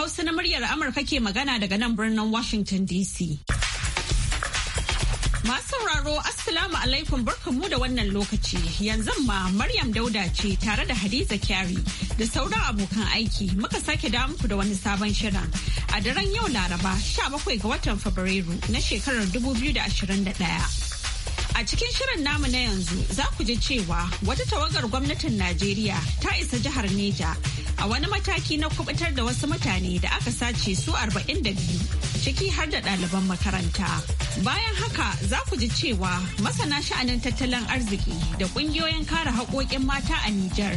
Hausa na muryar Amurka ke magana daga nan birnin Washington DC. Masu sauraro Assalamu alaikum barkanmu da wannan lokaci yanzu ma Maryam Dauda ce tare da Hadiza Kyari da sauran abokan aiki muka sake da muku da wani sabon shirin a daren yau Laraba 17 ga watan Fabrairu na shekarar 2021. A cikin shirin namu na yanzu za ku ji cewa wata tawagar gwamnatin Najeriya ta isa jihar Neja a wani mataki na kubutar da wasu mutane da aka sace su 42 ciki har da ɗaliban makaranta. Bayan haka za ku ji cewa masana sha'anin tattalin arziki da ƙungiyoyin kare haƙoƙin mata a Nijar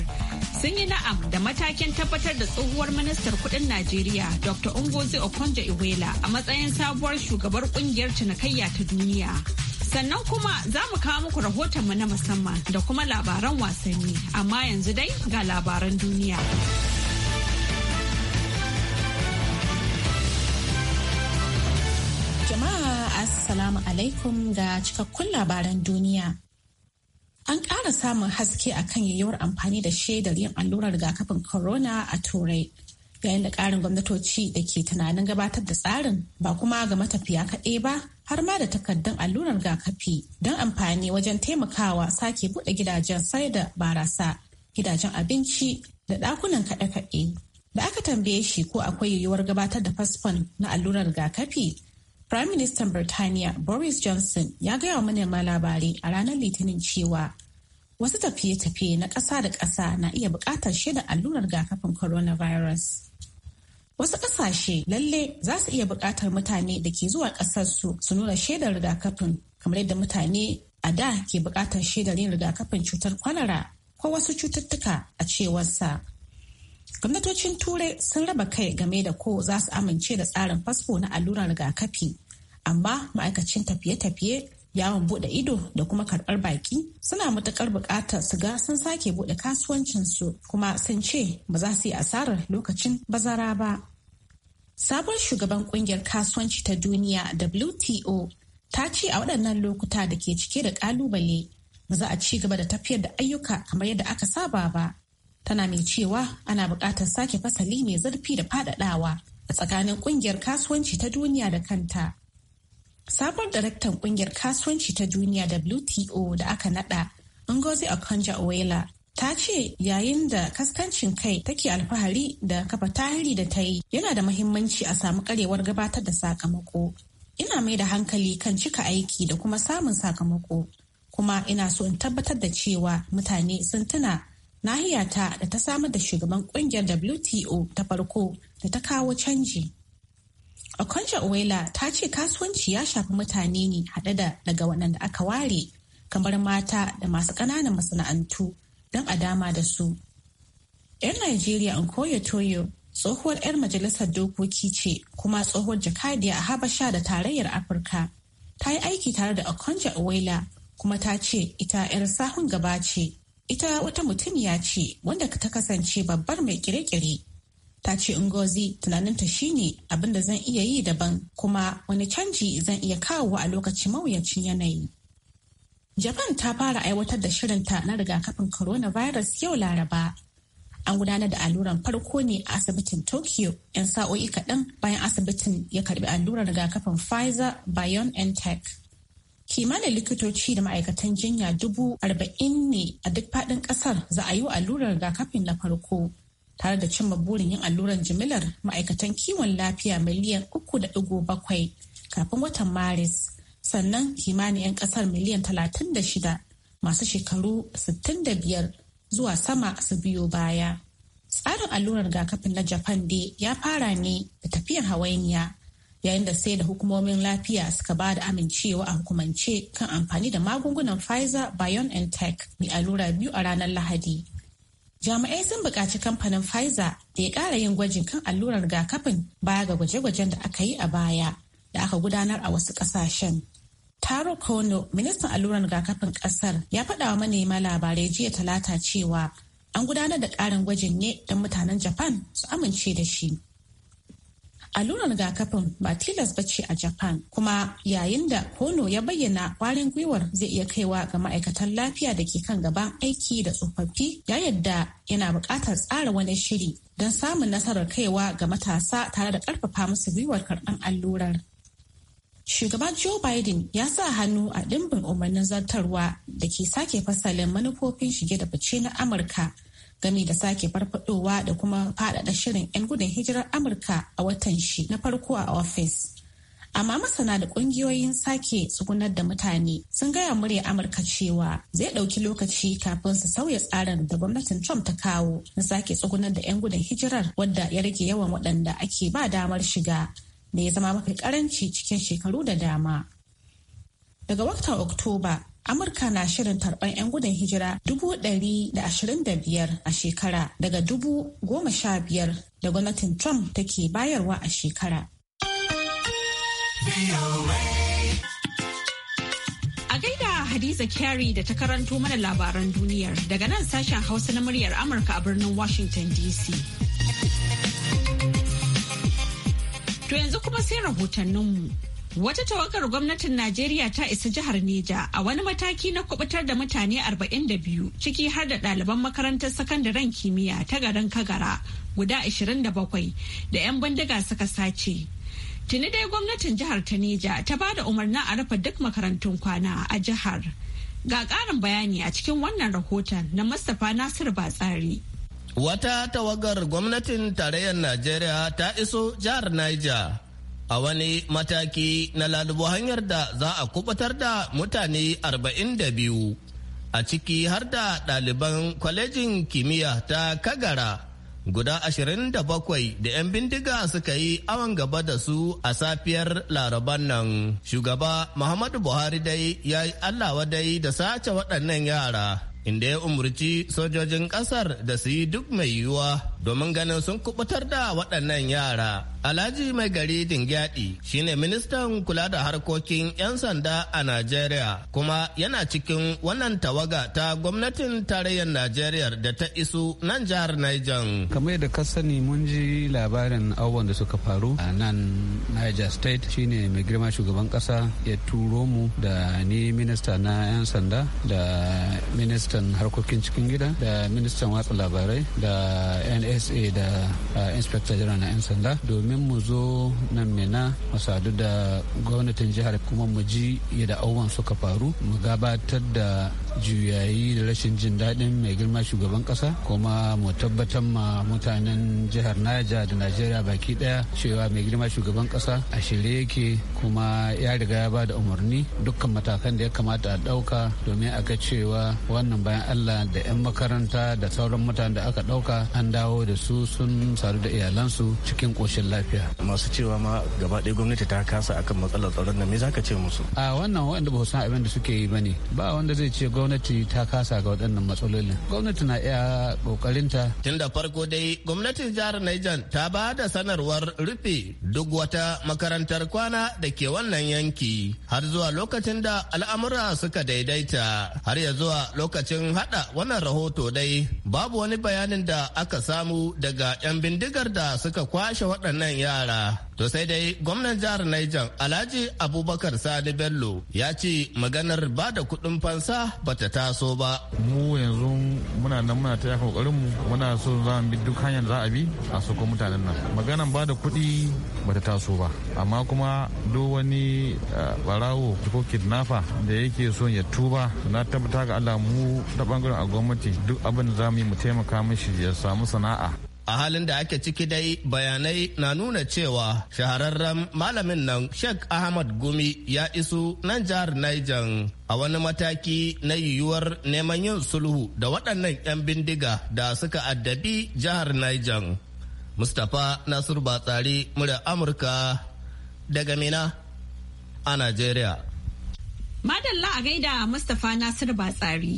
sun yi na'am da matakin tabbatar da tsohuwar ministar kudin Najeriya Dr. Ungozi Okonjo Iweala a matsayin sabuwar shugabar ƙungiyar cinikayya ta duniya. Sannan kuma za mu kawo muku rahotonmu na musamman da kuma labaran wasanni, amma yanzu dai ga labaran duniya. Assalamu alaikum ga cikakkun labaran duniya. An ƙara samun haske a kan yayyawar amfani da shaidar yin allurar rigakafin corona a Turai. Yayin da ƙarin gwamnatoci da ke tunanin gabatar da tsarin ba kuma ga matafiya kaɗai ba har ma da takardun allurar rigakafi don amfani wajen taimakawa sake buɗe gidajen sai da barasa, gidajen abinci da ɗakunan kaɗe-kaɗe. Da aka tambaye shi ko akwai yiwuwar gabatar da fasfon na allurar rigakafi Prime Minister Birtaniya Boris Johnson ya gaya wa manema labarai a ranar Litinin cewa wasu tafiye-tafiye na ƙasa da ƙasa na iya buƙatar shaidar allurar rigakafin coronavirus. Wasu ƙasashe lalle za su iya buƙatar mutane da ke zuwa ƙasarsu su nuna shaidar rigakafin kamar yadda mutane a da ke buƙatar shaidar yin rigakafin cutar kwalara ko wasu cututtuka a cewarsa. Gwamnatocin Turai sun raba kai game da ko za su amince da tsarin fasfo na allurar rigakafi amma ma'aikacin tafiye-tafiye yawon bude ido da kuma karbar baki suna matukar bukatar su ga sun sake bude kasuwancinsu kuma sun ce ba za su yi asarar lokacin bazara ba sabon shugaban kungiyar kasuwanci ta duniya wto ta ce a waɗannan lokuta da ke cike da kalubale ba za a ci gaba da tafiyar da ayyuka kamar yadda aka saba ba tana mai cewa ana bukatar sake fasali mai zurfi da faɗaɗawa a tsakanin kungiyar kasuwanci ta duniya da kanta Sabon daraktan kungiyar kasuwanci ta duniya WTO da aka nada Ngozi Okonjo-Iweala ta ce yayin da kaskancin kai take alfahari da kafa tahiri da ta yi yana da mahimmanci a samu karewar gabatar da sakamako. Ina mai da hankali kan cika aiki da kuma samun sakamako. Kuma ina so in tabbatar da cewa mutane sun tuna nahiyata da ta samar da shugaban kungiyar WTO ta farko da ta kawo canji. Okonja Uwela ta ce kasuwanci ya shafi mutane ne haɗe da daga waɗanda aka ware kamar mata da masu ƙananan masana'antu don a dama da su. 'Yan Najeriya koya Toyo tsohuwar 'yar majalisar dokoki ce kuma tsohuwar jakadiya a Habasha da tarayyar Afirka. Ta yi aiki tare da Okonja uwaila kuma ta ce ita 'yar sahun gaba ce. Ita wata mutumiya ce wanda ta kasance babbar mai kire-kire. ta ce Ngozi tunaninta shine abin da zan iya yi daban kuma wani canji zan iya kawo a lokacin mawuyacin yanayi. Japan ta fara aiwatar da shirinta na rigakafin coronavirus yau Laraba. An gudanar da alluran farko ne a asibitin Tokyo 'yan sa'o'i kaɗan bayan asibitin ya karbi allurar rigakafin Pfizer BioNTech. Kimanin likitoci da ma'aikatan jinya dubu arba'in ne a duk faɗin ƙasar za a yi wa allurar rigakafin na farko. tare da cimma burin yin alluran jimilar ma'aikatan kiwon lafiya miliyan uku da kafin watan maris sannan kimanin 'yan kasar miliyan 36 masu shekaru 65 zuwa sama su biyo baya tsarin allurar rigakafin na japan dai ya fara ne da tafiyar hawainiya yayin da sai da hukumomin lafiya suka ba da amincewa a hukumance kan amfani da magungunan pfizer biontech mai allura biyu a ranar lahadi jami'ai sun buƙaci kamfanin pfizer da ya ƙara yin gwajin kan allurar rigakafin baya ga gwaje-gwajen da aka yi a baya da aka gudanar a wasu ƙasashen taro kono ministan allurar rigakafin ƙasar ya faɗa wa manema labarai jiya talata cewa an gudanar da ƙarin gwajin ne don mutanen japan su amince da shi alluran rigakafin ba tilas ba ce a japan kuma yayin da kono ya bayyana kwarin gwiwar zai iya kaiwa ga ma'aikatan lafiya da ke kan gaban aiki da tsofaffi ya yadda yana buƙatar tsara wani shiri don samun nasarar kaiwa ga matasa tare da ƙarfafa musu gwiwar karɓar allurar Shugaba Joe Biden ya sa hannu a dimbin umarnin zartarwa da ke sake fasalin manufofin shige da fice na Amurka game da sake farfadowa da kuma faɗaɗa shirin 'yan gudun hijirar Amurka a watan shi na farko a ofis. Amma masana da ƙungiyoyin sake tsugunar da mutane sun gaya murya Amurka cewa zai ɗauki lokaci kafin su sauya tsarin da gwamnatin Trump ta kawo na sake tsugunar da 'yan gudun hijirar wadda ya rage yawan waɗanda ake ba damar shiga da ya zama mafi ƙaranci cikin shekaru da dama. Daga watan Oktoba, Amurka na shirin tarban 'yan gudun hijira dubu ɗari da ashirin da biyar a shekara daga dubu goma sha biyar da gwamnatin Trump take bayarwa a shekara. A gaida Hadiza Kyari da ta karanto mana labaran duniyar daga nan sashen Hausa na muryar Amurka a birnin Washington DC. To yanzu kuma sai rahotanninmu. Wata tawagar gwamnatin Najeriya ta isa jihar Neja a wani mataki na kubutar da mutane 42 ciki har da ɗaliban makarantar sakandaren kimiyya ta garin Kagara guda 27 da 'yan bindiga suka sace. Tuni dai gwamnatin jihar ta Neja ta ba da umarnin a rufe duk makarantun kwana a jihar. Ga ƙarin bayani a cikin wannan rahoton na Mustapha Nasir Batsari. Wata tawagar gwamnatin tarayyar Najeriya ta iso jihar Niger. a wani mataki na lalubo hanyar da za a kubatar da mutane 42 a ciki har da ɗaliban kwalejin kimiyya ta kagara guda 27 da 'yan bindiga suka yi awon gaba da su a safiyar laraban nan shugaba muhammadu buhari dai ya yi allawa dai da sace waɗannan yara inda ya umarci sojojin kasar da su yi duk mai yiwuwa domin ganin sun kubutar da waɗannan yara. Alhaji mai gari Dingyadi shine ministan kula da harkokin 'yan sanda a Najeriya kuma yana cikin wannan tawaga ta gwamnatin tarayyar Najeriya da ta isu nan jihar Niger. Kamar da ka sani mun ji labarin abubuwan da suka faru a nan Niger State shine mai girma shugaban kasa ya turo mu da ni minista na 'yan sanda da minista ministan harkokin cikin gida da ministan watsa labarai da nsa da uh, inspector general na 'yan sanda domin mu zo nan mena mu sadu da gwamnatin jihar kuma mu ji yadda auwan suka faru mu gabatar da juyayi da rashin jin daɗin mai girma shugaban ƙasa kuma mu tabbatar ma mutanen jihar Naja da Najeriya baki ɗaya cewa mai girma shugaban ƙasa a shirye yake kuma ya riga ya ba da umarni dukkan matakan da ya kamata a ɗauka domin a ga cewa wannan bayan Allah da 'yan makaranta da sauran mutanen da aka ɗauka an dawo da su sun sadu da iyalansu cikin ƙoshin lafiya. Masu cewa ma gaba ɗaya gwamnati ta kasa akan matsalar tsaron nan me zaka ce musu? A wannan waɗanda ba su san abin da suke yi ba ne ba wanda zai ce gwamnati gwamnati ta kasa ga waɗannan matsalolin gwamnati na iya ƙoƙarinta tun da farko dai gwamnatin jihar Niger ta ba da sanarwar rufe duk wata makarantar kwana da ke wannan yanki har zuwa lokacin da al'amura suka daidaita har ya zuwa lokacin hada wannan rahoto dai babu wani bayanin da aka samu daga 'yan bindigar da suka kwashe waɗannan yara To sai dai gwamnan jihar Niger Alhaji Abubakar Sani Bello ya ce maganar ba da kuɗin fansa ba ta taso ba. Mu yanzu muna nan muna ta yaka kokarin mu muna so za mu bi duk hanyar za a bi a ko mutanen nan. Maganar ba da kuɗi ta taso ba amma kuma duk wani eh, barawo ko kidnapper da yake so ya tuba na tabbata ga Allah mu ta bangaren a gwamnati duk abin da za mu yi mu taimaka mishi ya samu sana'a. a halin da ake ciki dai bayanai na nuna cewa shahararren malamin nan sheikh ahmad gumi ya isu nan jihar niger a wani mataki na yiwuwar neman yin sulhu da waɗannan 'yan bindiga da suka addabi jihar niger mustapha nasiru batsari murya amurka daga mina a nigeria madalla a gaida mustapha nasiru batsari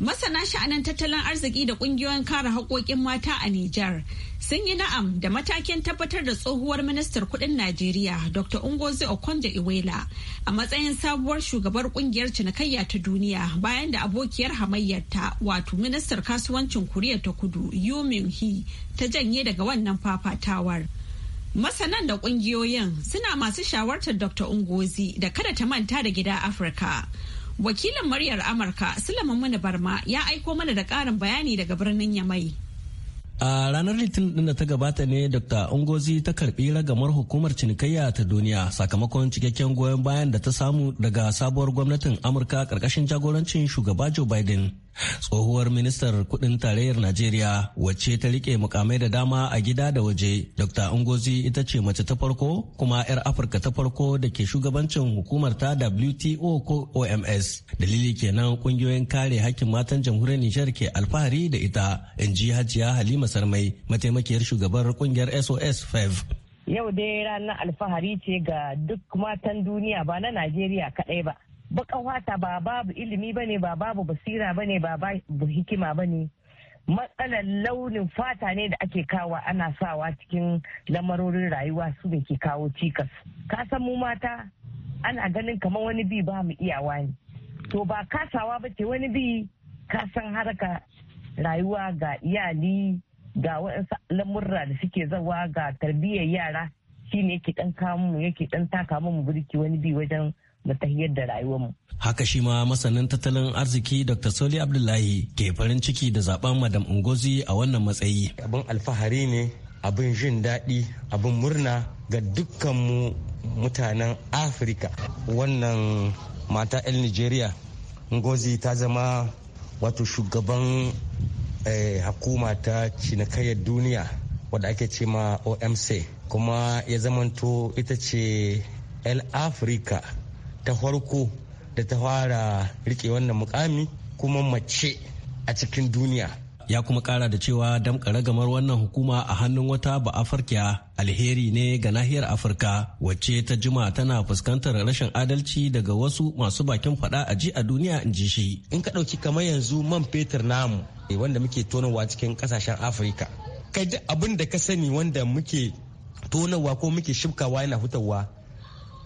Masana sha'anin tattalin arziki da kungiyoyin kare haƙoƙin mata a Nijar sun yi na'am da matakin tabbatar da tsohuwar ministar kudin Najeriya Dr. Ungozi Okonjo Iweala a matsayin sabuwar shugabar kungiyar cinikayya ta duniya bayan da abokiyar hamayyarta wato ministar kasuwancin Kuriya ta Kudu Yoo Hee ta janye daga wannan fafatawar. Masanan da kungiyoyin suna masu shawartar Dr. Ungozi da kada ta manta da gida Afirka. Wakilin muryar Amurka Sulaiman Muni Barma ya aiko mana da karin bayani daga birnin Yamai. A ranar Litinin din da ta gabata ne Dr. Ungozi ta karbi ragamar hukumar cinikayya ta duniya sakamakon cikakken goyon bayan da ta samu daga sabuwar gwamnatin Amurka karkashin jagorancin shugaba Joe Biden. tsohuwar ministar kudin tarayyar najeriya wacce ta rike mukamai da dama a gida da waje dr ngozi ita ce mace ta farko kuma 'yar afirka ta farko da ke shugabancin hukumar ta wto ko oms dalili kenan kungiyoyin kare hakkin matan jamhuriyar nijar ke alfahari da ita in ji hajiya halima sarmai mataimakiyar shugabar kungiyar sos 5 e yau dai ranar alfahari ce ga duk matan duniya ba na najeriya kaɗai ba baka wata ba babu ilimi bane ba babu basira bane ba babu hikima bane matsalar launin fata ne da ake kawa ana sawa cikin lamarorin rayuwa su ne ke kawo cikas ka san mu mata ana ganin kamar wani bi ba mu iyawa ne to ba kasawa ba ce wani bi ka san haraka rayuwa ga iyali ga waɗansu lamurra da suke zawa ga tarbiyyar yara shine yake dan kamu yake dan taka mu burki wani bi wajen na tahiyar da rayuwarmu. Haka shi ma masanin tattalin arziki Dr. Soli Abdullahi ke farin ciki da zaben Madam Ngozi a wannan matsayi. Abin alfahari ne, abin jin daɗi, abin murna ga mu mutanen Afirka. Wannan mata 'yan Nigeria, Ngozi ta zama wato shugaban hakuma eh, ta cinikayyar duniya wadda ake ce ma OMC kuma ya zamanto ita ce 'yan Afirka ta farko da ta fara rike wannan mukami kuma mace a cikin duniya ya kuma kara da cewa damka ragamar wannan hukuma a hannun wata ba'afarkiya alheri ne ga nahiyar afirka wacce ta jima tana fuskantar rashin adalci daga wasu masu bakin fada a ji a duniya in ji shi in ka ɗauki kamar yanzu man fetur namu eh, wanda muke tonawa cikin kasashen afirka kai duk abin da ka sani wanda muke tonawa ko muke shibkawa yana hutawa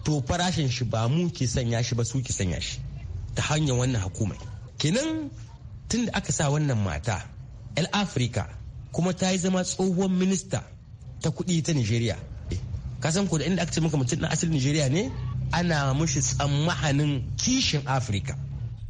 to farashin shi ba mu ke sanya shi ba su ke sanya shi ta hanyar wannan hukumai kenan tunda aka sa wannan mata el afirka kuma ta yi zama tsohon minista ta kuɗi ta nigeria kasan ko da inda aka ce maka mutum na asalin nigeria ne ana mushi tsammanin kishin afirka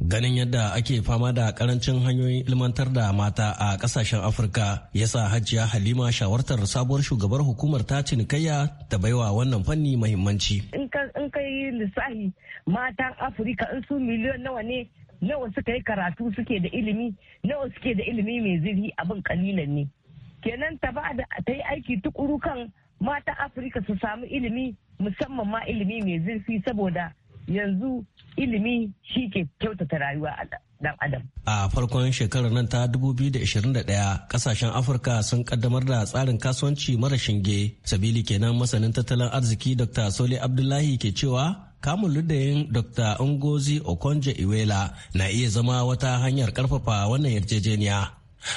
ganin yadda ake fama da karancin hanyoyin ilmantar da mata a kasashen afirka ya sa hajiya halima shawartar sabuwar shugabar hukumar ta cinikayya ta baiwa wannan fanni mahimmanci in ka yi lissahi matan afirka in su miliyon nawa ne nawa suka yi karatu suke da ilimi nawa suke da ilimi mai zirhi abin kalilan ne kenan ta ba da ta yi aiki tukuru kan matan afirka su samu ilimi musamman ma ilimi mai zurfi saboda yanzu ilimi shi ke kyautata rayuwa a dan adam. A farkon shekarar nan ta 2021 kasashen Afirka sun kaddamar da tsarin kasuwanci mara shinge. Sabili kenan masanin tattalin arziki Dr. Sole Abdullahi ke cewa kamun ludayin Dr. Ngozi Okonje iwela na iya zama wata hanyar karfafa wannan yarjejeniya.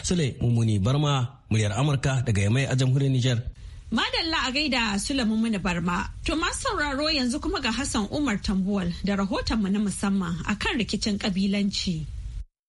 Sule Mumuni Barma, muryar Amurka daga Yamai a jamhuriyar Nijar. Madalla a gaida Sulaimu Mini Barma. To ma sauraro yanzu kuma ga Hassan Umar Tambuwal da rahotonmu na musamman akan rikicin kabilanci.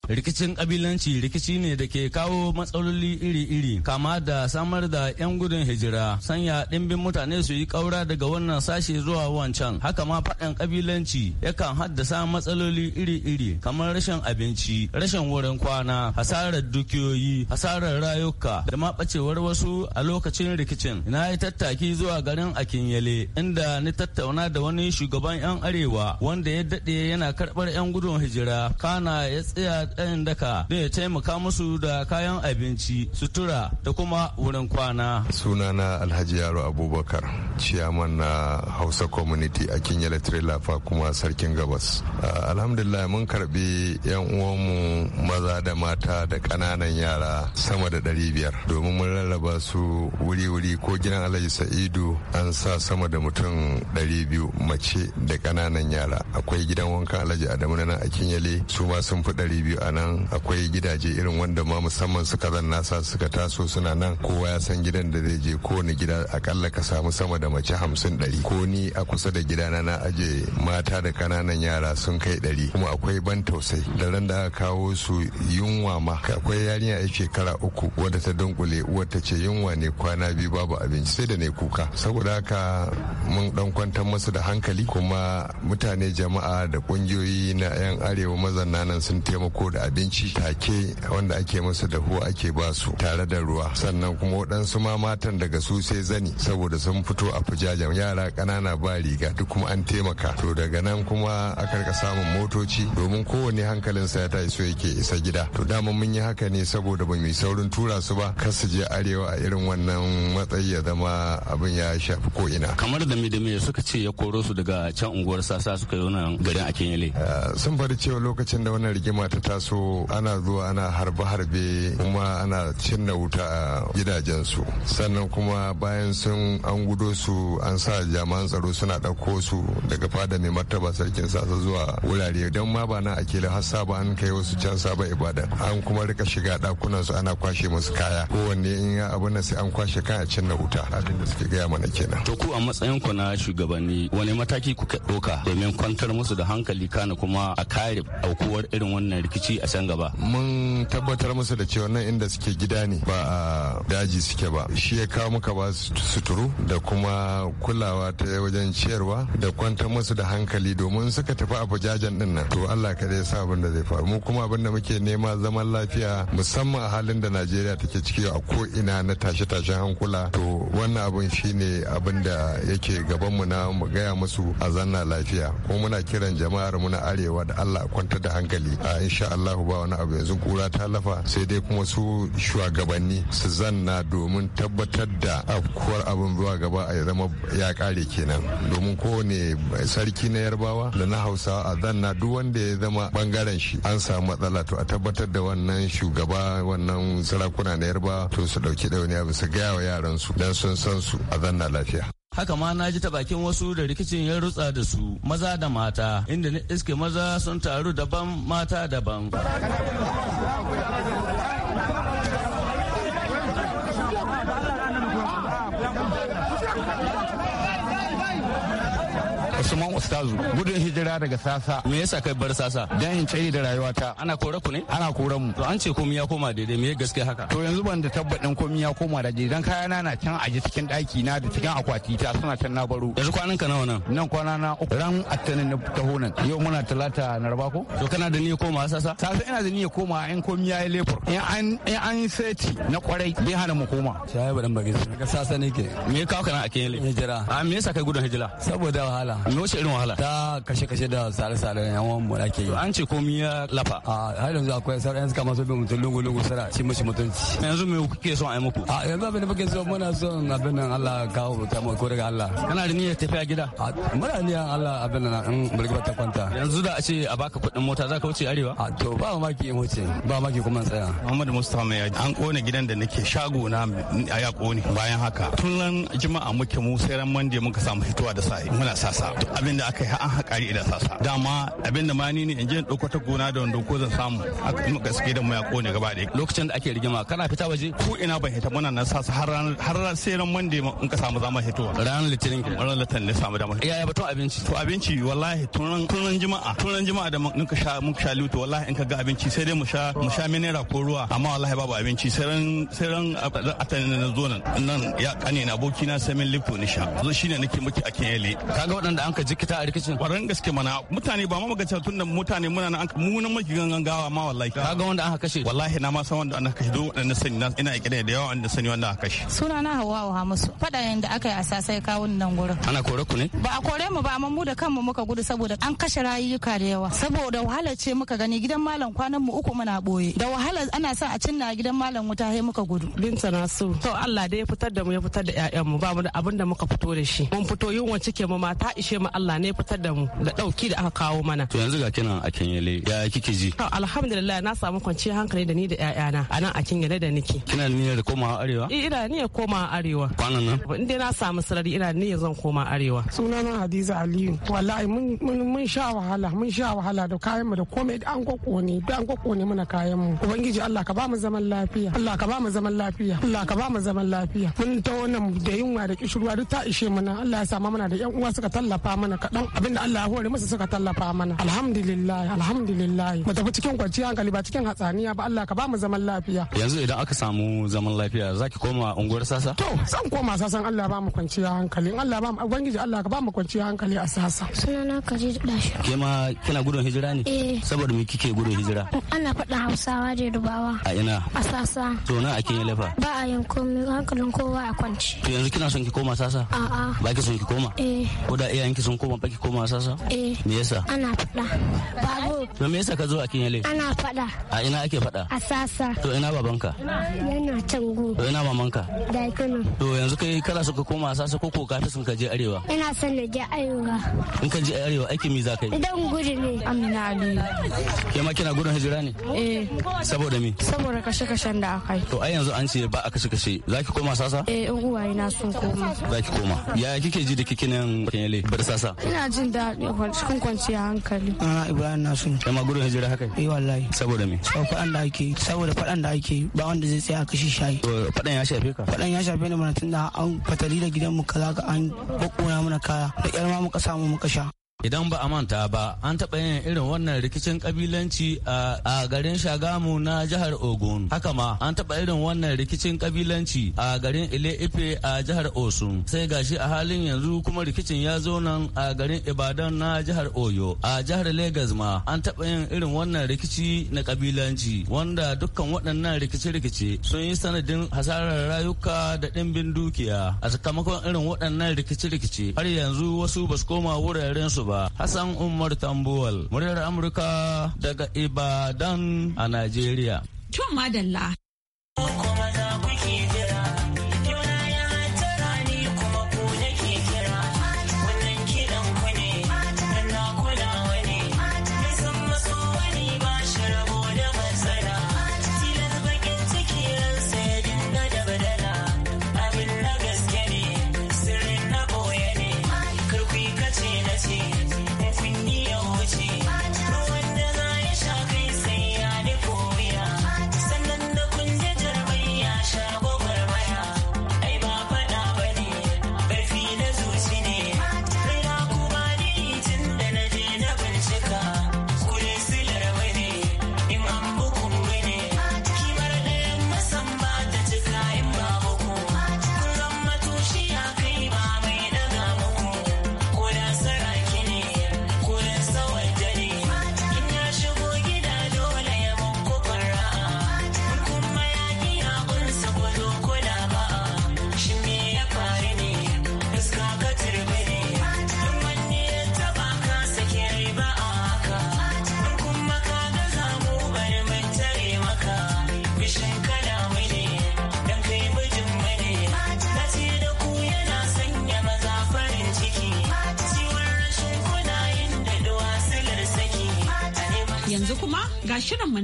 rikicin kabilanci rikici ne da ke kawo matsaloli iri-iri kama da samar da 'yan gudun hijira sanya ɗimbin mutane su yi ƙaura daga wannan sashe zuwa wancan haka ma faɗin kabilanci yakan haddasa matsaloli iri-iri kamar rashin abinci rashin wurin kwana hasarar dukiyoyi hasarar rayuka da ma ɓacewar wasu a lokacin rikicin na yi tattaki zuwa garin akinyele inda ni tattauna da wani shugaban 'yan arewa wanda ya daɗe yana karɓar 'yan gudun hijira kana ya tsaya ɗayan daka da ya taimaka musu da kayan abinci sutura da kuma wurin kwana sunana alhaji yaro abubakar ciyaman na hausa community a kinyala trelafa kuma sarkin gabas alhamdulillah mun karbi yan uwanmu maza da mata da ƙananan yara sama da ɗari biyar domin mun rarraba su wuri-wuri ko gidan alhaji sa'idu an sa sama da mutum ɗari biyu mace da ƙananan yara akwai gidan wanka alhaji adamu na a kinyale su ma sun fi ɗari biyu a nan akwai gidaje irin wanda ma musamman suka zan nasa suka taso suna nan kowa ya san gidan da zai je kowane gida akalla ka samu sama da mace hamsin ɗari ko ni a kusa da gidana na aje mata da kananan yara sun kai ɗari kuma akwai ban tausai da ran da aka kawo su yunwa ma akwai yarinya a shekara uku wadda ta dunkule uwar ta ce yunwa ne kwana biyu babu abinci sai da ne kuka saboda haka mun dan kwantar masu da hankali kuma mutane jama'a da kungiyoyi na yan arewa mazanna nan sun taimako da da abinci take wanda ake masa da huwa ake ba su tare da ruwa sannan kuma waɗansu ma matan daga su sai zani saboda sun fito a fujajen yara ƙanana ba riga duk kuma an taimaka to daga nan kuma aka rika samun motoci domin kowane hankalinsa ya tashi so yake isa gida to dama mun yi haka ne saboda ban yi saurin tura su ba kar su je arewa a irin wannan matsayi ya zama abin ya shafi ko ina kamar da me da me suka ce ya koro su daga can unguwar sasa suka yi wannan garin a kenyele ah, sun fari cewa lokacin da wannan rigima ta taso ana zuwa ana harbe-harbe kuma ana cinna wuta a gidajensu sannan kuma bayan sun an gudo su an sa jami'an tsaro suna ɗauko su daga fada mai martaba sarkin sasa zuwa wurare don ma ba na akila har saba an kai wasu can saba ibada an kuma rika shiga ɗakunan su ana kwashe musu kaya kowanne in ya abu na sai an kwashe kan a cinna wuta abin da suke gaya mana kenan. to ku a matsayin ku na shugabanni wani mataki kuka ɗauka domin kwantar musu da hankali kana kuma a kare aukuwar irin wannan rikici ci a can gaba mun tabbatar musu da cewa nan inda suke gida ne ba a daji suke ba shi ya kawo muka ba suturu da kuma kulawa ta wajen ciyarwa da kwantar musu da hankali domin suka tafi a bujajen din nan to Allah ka dai sa abin da zai faru mu kuma abin da muke nema zaman lafiya musamman a halin da Najeriya take ciki a ko ina na tashe-tashen hankula to wannan abin ne abin da yake gaban mu na mu gaya musu a zanna lafiya ko muna kiran jama'ar muna arewa da Allah kwantar da hankali a insha allahu ba wani abu yanzu kura ta lafa sai dai kuma su shugabanni su zanna domin tabbatar da afkuwar abin zuwa gaba a zama ya kare kenan domin kowane sarki na yarbawa da na hausawa a zanna duk wanda ya zama bangaren shi an samu matsala to a tabbatar da wannan shugaba wannan sarakuna na yarbawa to su dauki dauniya bisa gaya wa yaran su dan sun san su a zanna lafiya haka ma na ji ta bakin wasu da rikicin ya rutsa da su maza da mata inda na iske maza sun taru daban mata daban Usman Ustazu gudun hijira daga sasa. Me yasa kai bar sasa? Dan in tsaye da rayuwata. Ana kore ku ne? Ana kore mu. To an ce komai ya koma daidai me gaskiya haka? To yanzu ban da tabbadin komai ya koma daidai dan kayana na can aje cikin daki na da cikin akwati ta suna can na baro. Yanzu kwanan ka nawa nan? Nan kwana na uku. Ran Atanin na taho nan. Yau muna talata na raba ko? To kana da niyyar koma sasa? Sasa ina da niyyar koma in komai ya yi lebur. In an in an seti na kwarai bai hana mu koma. Shaye badan bagin. Daga sasa ne ke. Me ka kana a Kenya? Hijira. A me yasa kai gudun hijira? Saboda wahala. me wace irin wahala ta kashe-kashe da sare-sare yan uwan mu ake yi an ce komi ya lafa a har yanzu akwai sauran suka masu bin mutum lungu-lungu sara shi mashi mutunci yanzu me kuke son a yi muku a yanzu abin da muke so muna son abin nan Allah kawo ta mu taimako daga Allah kana da niyyar tafiya gida muna niyyar Allah abin nan in burgiba ta kwanta yanzu da a ce a baka kuɗin mota za ka wuce arewa a to ba mamaki in wuce ba ma mamaki kuma tsaya Muhammad Mustapha mai an kone gidan da nake shago na a ya kone bayan haka tun nan juma'a muke mu sai ran mande muka samu fitowa da sa'i muna sasa duk abin da aka yi an haƙari da sasa dama abin da mani ne in je ɗauko ta gona da wanda ko zan samu aka kuma gaske da mu ya kone gaba da lokacin da ake rigima kana fita waje ko ina ban hita muna nan sasa har ranar sai ran monday in ka samu zama hitowa ranar litinin ran latan ne samu dama yaya batun abinci to abinci wallahi tunan tunan jima'a tunan jima'a da mun ka sha mun ka sha lutu wallahi in ka ga abinci sai dai mu sha mu sha minera ko ruwa amma wallahi babu abinci sai ran sai ran atanin na zo nan nan ya kane na abokina na samin lifto ni sha zo shine nake miki a kenyele kaga waɗanda an ka jikita a rikicin kwaran gaske mana mutane ba ma magance tun da mutane muna nan mu nan maki gawa ma wallahi ga wanda aka kashe wallahi na ma san wanda aka kashe duk na sani na ina kire da yawa wanda sani wanda aka kashe suna na hawa wa musu fada yanda aka yi a sasai kawun nan gurin ana kore ku ne ba a kore mu ba amma mu da kanmu muka gudu saboda an kashe rayuka da yawa saboda wahala ce muka gani gidan malam kwanan mu uku muna boye da wahala ana sa a cinna gidan malam wuta sai muka gudu binta na so to Allah dai ya fitar da mu ya fitar da ƴaƴan mu ba mu da abin da muka fito da shi mun fito yunwa cike mu mata ishe mu ma Allah ne fitar da mu da dauki da aka kawo mana to yanzu ga kina a yale. ya kike ji to alhamdulillah na samu kwanciyar hankali da ni da ƴaƴana a nan a Kenyele da niki kina niyyar komawa arewa eh ina niyyar komawa arewa kwanan nan in dai na samu sarari ina niyyar zan koma arewa sunana Hadiza Aliyu wallahi mun mun sha wahala mun sha wahala da kayan mu da komai an ne da an ne muna kayan mu ubangiji Allah ka ba mu zaman lafiya Allah ka ba mu zaman lafiya Allah ka ba mu zaman lafiya mun ta wannan da yunwa da kishirwa duk ta ishe mana Allah ya sa mana da ƴan uwa suka tallafa tallafa mana kaɗan abin da Allah ya hore masa suka tallafa mana alhamdulillah alhamdulillah mu tafi cikin kwanciyar hankali ba cikin hatsaniya ba Allah ka ba mu zaman lafiya yanzu idan aka samu zaman lafiya zaki koma unguwar sasa to zan koma sasan Allah ba mu kwanciyar hankali Allah ba mu ubangiji Allah ka ba mu kwanciyar hankali a sasa sunana Khadija Dashi ke ma kina gudun hijira ne eh saboda me kike gudun hijira ana faɗa Hausawa da Dubawa a ina a sasa to na a kin lafa ba a yin komai hankalin kowa a kwanci to yanzu kina son ki koma sasa a'a ba ki son ki koma eh ko da iyayen ki sun koma baki koma sasa? Eh. Me yasa? Ana faɗa. Babu. Na me yasa ka zo a Kinyale? Ana faɗa. A ina ake faɗa? A sasa. To ina babanka? Yana can To ina mamanka? Da Kano. To yanzu kai kana so ka koma sasa ko ko ka fi sun ka je arewa? Ina son na je arewa. In ka je arewa Aiki me za ka yi? Dan gudu ne. Amina Ali. Ke ma kina gudun hijira ne? Eh. Saboda me? Saboda kashe-kashen da aka yi. To ai yanzu an ce ba a kashe-kashe. Za ki koma sasa? Eh, in uwaye na son koma. Za ki koma. Yaya kike ji da kike nan Kinyale? sasa ina jin daɗi cikin a hankali ana ah, ibrahim nasu kai ma gudun hijira haka eh wallahi saboda me saboda faɗan da ake saboda faɗan da ake ba wanda zai tsaya kashi shayi faɗan ya shafe ka faɗan ya shafe ni mana tunda an fatali da gidan mu kaza ka an kokkona mana kaya da ƴar ma muka samu muka sha Idan ba a manta ba, an taɓa yin irin wannan rikicin kabilanci a garin Shagamu na jihar Ogun. Haka ma an taɓa irin wannan rikicin kabilanci a garin Ile Ife a jihar Osun. Sai gashi a halin yanzu kuma rikicin ya zo nan a garin Ibadan na jihar Oyo. A jihar Legas ma an taɓa yin irin wannan rikici na kabilanci wanda dukkan waɗannan rikice-rikice sun yi sanadin hasarar rayuka da ɗimbin dukiya. A sakamakon irin waɗannan rikice-rikice har yanzu wasu ba su koma wuraren su ba. Hassan Umar Tambuwal, muryar Amurka daga Ibadan a Najeriya. Tun madalla.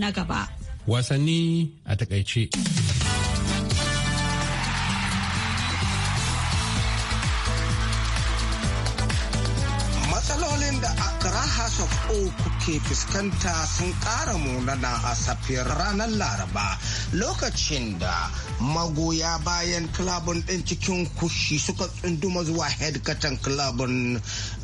na gaba. Wasanni a takaice. Matsalolin da Accra House of Oak ke fuskanta sun ƙara munana a safiyar ranar Laraba lokacin da magoya bayan kilabun ɗin cikin kushi suka tsunduma zuwa hedkatan kilabun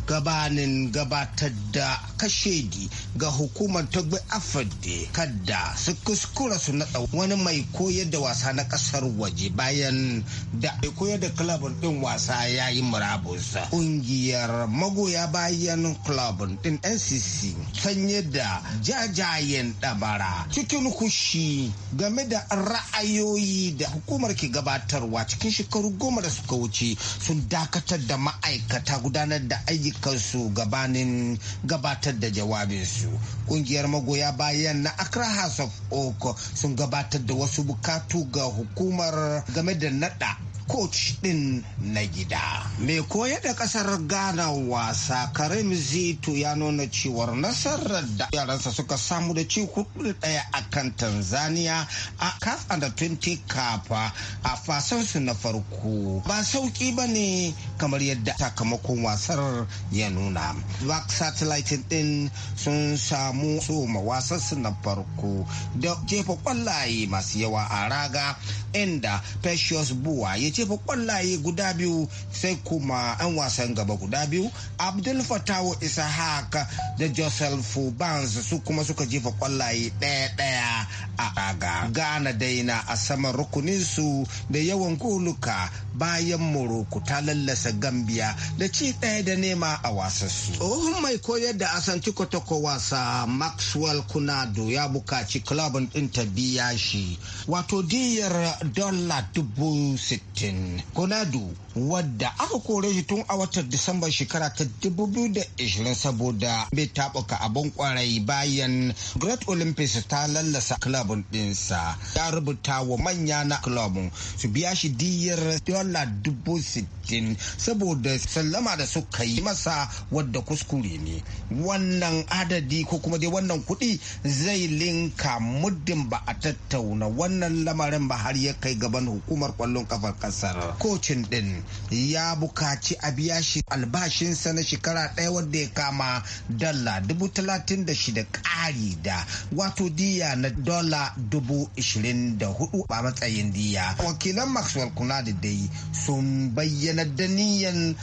gabanin gabatar da kashedi ga hukumar tagbe afirde kadda su kuskura su naɗa wani mai koyar da wasa na ƙasar waje bayan da mai koyar da klabin ɗin wasa ya yi murabusa. ƙungiyar magoya bayan klabin ɗin ncc sanye da jajayen ɗabara cikin kushi game da ra'ayoyi da hukumar ke gabatarwa cikin shekaru goma da suka wuce sun dakatar da ma'aikata gudanar da ayyuka kansu gabanin gabatar da jawabinsu kungiyar magoya bayan na accra house of oak sun gabatar da wasu bukatu ga hukumar game da nada coach din na gida. Mai koya da kasar Ghana wasa Karim Zitu ya nuna cewar nasarar da yaransa suka samu da ci hudu ɗaya a kan Tanzania a CAF under 20 kafa a fasansu na farko. Ba sauki ba ne kamar yadda sakamakon wasar ya nuna. Black Satellite din sun samu soma wasansu na farko da jefa ƙwallaye masu yawa a raga inda Precious Buwa ya jefa kwallaye guda biyu sai kuma 'yan wasan gaba guda biyu abdul fatawo ishaq da joseph Banz su kuma suka jefa kwallaye daya daya a aga ghana daina a saman rukuninsu da yawan kuluka. bayan Morocco ta lallasa Gambia da ci ɗaya da nema a wasassu. Tsohon mai koyar da asanci kwatakwa wasa Maxwell Kunado ya bukaci kulabin ɗin ta biya shi wato diyar dola dubu sittin. Kunado wadda aka kore shi tun a watan Disamba shekara ta dubu biyu da ishirin saboda bai taɓuka abin kwarai bayan Great Olympics ta lallasa kulabin ɗinsa. Ya rubuta wa manya na kulabin su biya shi diyar dala dubu sittin saboda sallama da suka yi masa wadda kuskure ne wannan adadi ko kuma dai wannan kuɗi zai linka muddin ba a tattauna wannan lamarin ba har ya kai gaban hukumar kwallon kafar kasar kocin din ya bukaci a biya shi albashinsa na shekara ɗaya wadda ya kama dala dubu talatin da shida ƙari da wato diya na dala dubu ishirin da hudu a matsayin diya wakilan maxwell kunadi dai sun bayyana da niyan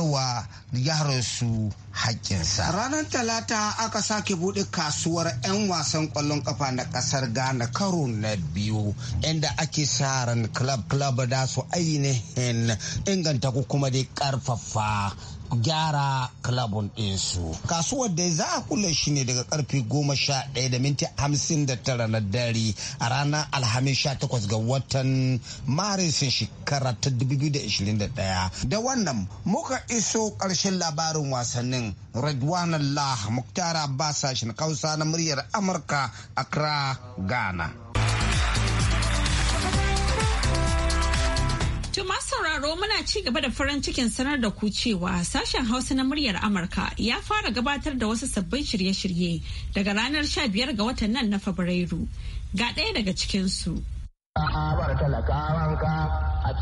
wa yaransu haƙƙinsa. Ranar Talata aka sake buɗe kasuwar 'yan wasan ƙwallon ƙafa na ƙasar Ghana karo na biyu, inda ake sa ran club club da su ainihin inganta ko kuma dai ƙarfafa gyara kilabun ɗinsu. Kasuwar dai za a kula shi ne daga karfe goma sha ɗaya da minti hamsin da tara na dare a ranar alhamis sha takwas ga watan maris shekara ta dubu biyu da ishirin da ɗaya. Da wannan muka iso ƙarshen labarin wasannin Redwan Allah Muktara Abbas Kausa na muryar Amurka Accra Ghana. To masu sauraro muna ci gaba da farin cikin sanar da ku cewa sashen Hausa na muryar Amurka ya fara gabatar da wasu sabbin shirye-shirye daga ranar 15 ga watan nan na Fabrairu. Ga ɗaya daga cikinsu. su. bar talakawanka a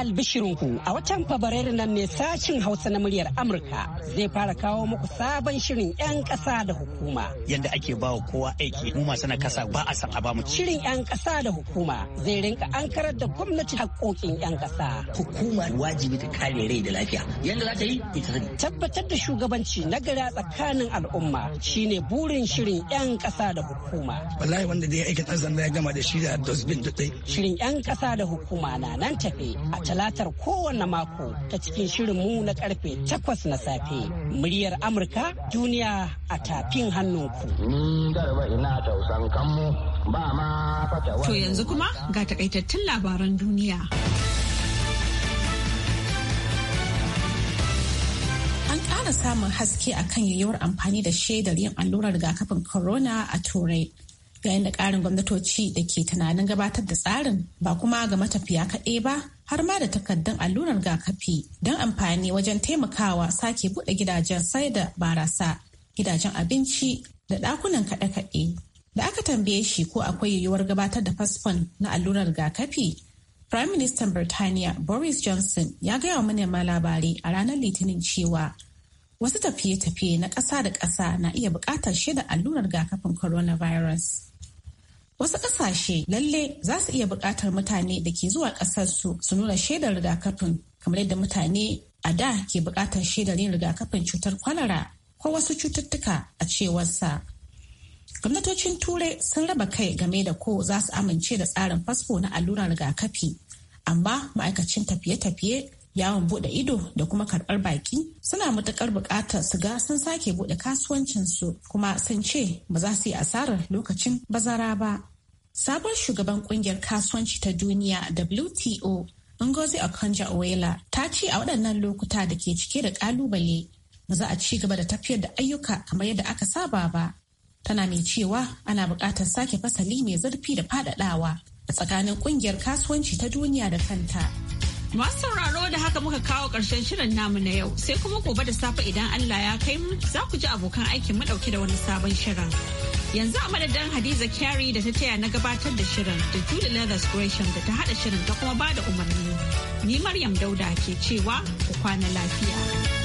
albishirinku a watan Fabrairu nan ne sashin Hausa na muryar Amurka zai fara kawo muku sabon shirin 'yan ƙasa da hukuma. Yanda ake ba wa kowa aiki mu masu na kasa ba a san a bamu. Shirin 'yan ƙasa da hukuma zai rinka an karar da gwamnati haƙoƙin 'yan ƙasa. Hukuma wajibi ta kare rai da lafiya. Yanda za ta yi ita Tabbatar da shugabanci na gari tsakanin al'umma shine burin shirin 'yan ƙasa da hukuma. Wallahi wanda dai aikin zanna ya gama da shi da dosbin dutsai. Shirin 'yan kasa da hukuma na nan tafe a talatar kowane mako ta cikin shirin mu na karfe takwas na safe. Muryar Amurka duniya a tafin hannunku. Ni garba ina tausan kanmu ba ma fata To yanzu kuma ga takaitattun labaran duniya. ƙara samun haske a kan yiwuwar amfani da shaidar yin allurar rigakafin corona a turai yayin da ƙarin gwamnatoci da ke tunanin gabatar da tsarin ba kuma ga matafiya kaɗai ba har ma da takardun allurar gakafi don amfani wajen taimakawa sake buɗe gidajen sai da barasa gidajen abinci da ɗakunan kaɗe-kaɗe da aka tambaye shi ko akwai yiwuwar gabatar da fasfon na allurar gakafi? prime minister birtaniya boris johnson ya gaya wa manema labarai a ranar litinin cewa wasu tafiye-tafiye na ƙasa da ƙasa na iya buƙatar shaidar allurar gakafin coronavirus. Wasu ƙasashe lalle za su iya buƙatar mutane da ke zuwa ƙasarsu su nuna shaidar rigakafin kamar yadda mutane a da ke buƙatar shaidar yin rigakafin cutar kwalara ko wasu cututtuka a cewarsa. Gwamnatocin Turai sun raba kai game da ko za su amince da tsarin fasfo na allurar rigakafi, amma ma'aikacin tafiye-tafiye yawon bude ido da kuma karbar baki suna matukar bukatar su ga sun sake bude kasuwancinsu kuma sun ce ba za su yi asarar lokacin bazara ba sabon shugaban kungiyar kasuwanci ta duniya wto ngozi okonjo iweala ta ce a waɗannan lokuta da ke cike da kalubale ba za a ci gaba da tafiyar da ayyuka kamar yadda aka saba ba tana mai cewa ana buƙatar sake fasali mai zurfi da faɗaɗawa a tsakanin ƙungiyar kasuwanci ta duniya da kanta. Masu sauraro da haka muka kawo ƙarshen shirin namu na yau sai kuma gobe da safe idan Allah ya kai mu za ku ji abokan aikin mu ɗauke da wani sabon shirin. Yanzu a madadin Hadiza Kyari da ta taya na gabatar da shirin da Julie Leathers Gresham da ta haɗa shirin ta kuma ba da umarni. Ni Maryam Dauda ke cewa ku kwana lafiya.